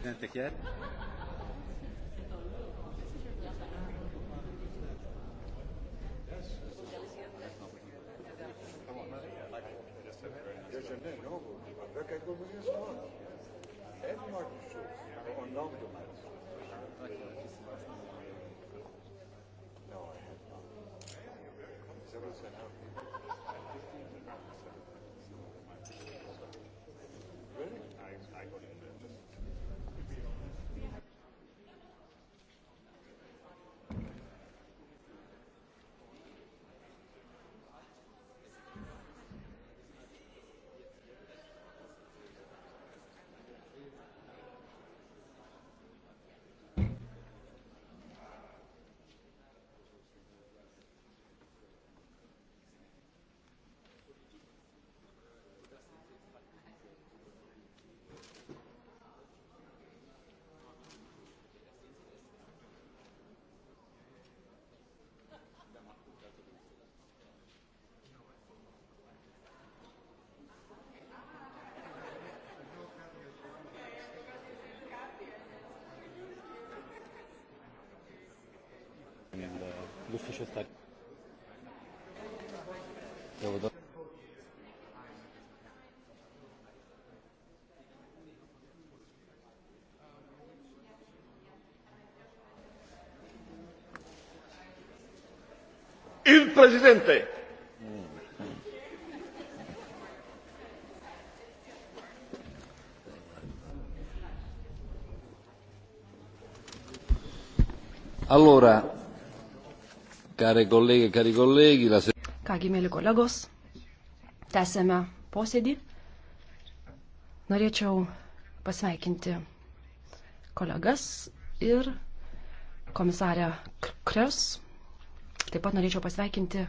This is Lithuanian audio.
Isn't it yet? Kijk, we moeten eens gewoon. En Martin Schulz. Gewoon dan doen we het. No, I have not. Is that what's going to happen? Luffy should start. Yeah, well Il presidente. Allora, Care kolegė, e cari kolegi, la... Kągi, mėly kolegos, tęsėme posėdį. Norėčiau pasveikinti kolegas ir komisarę Kres. Taip pat norėčiau pasveikinti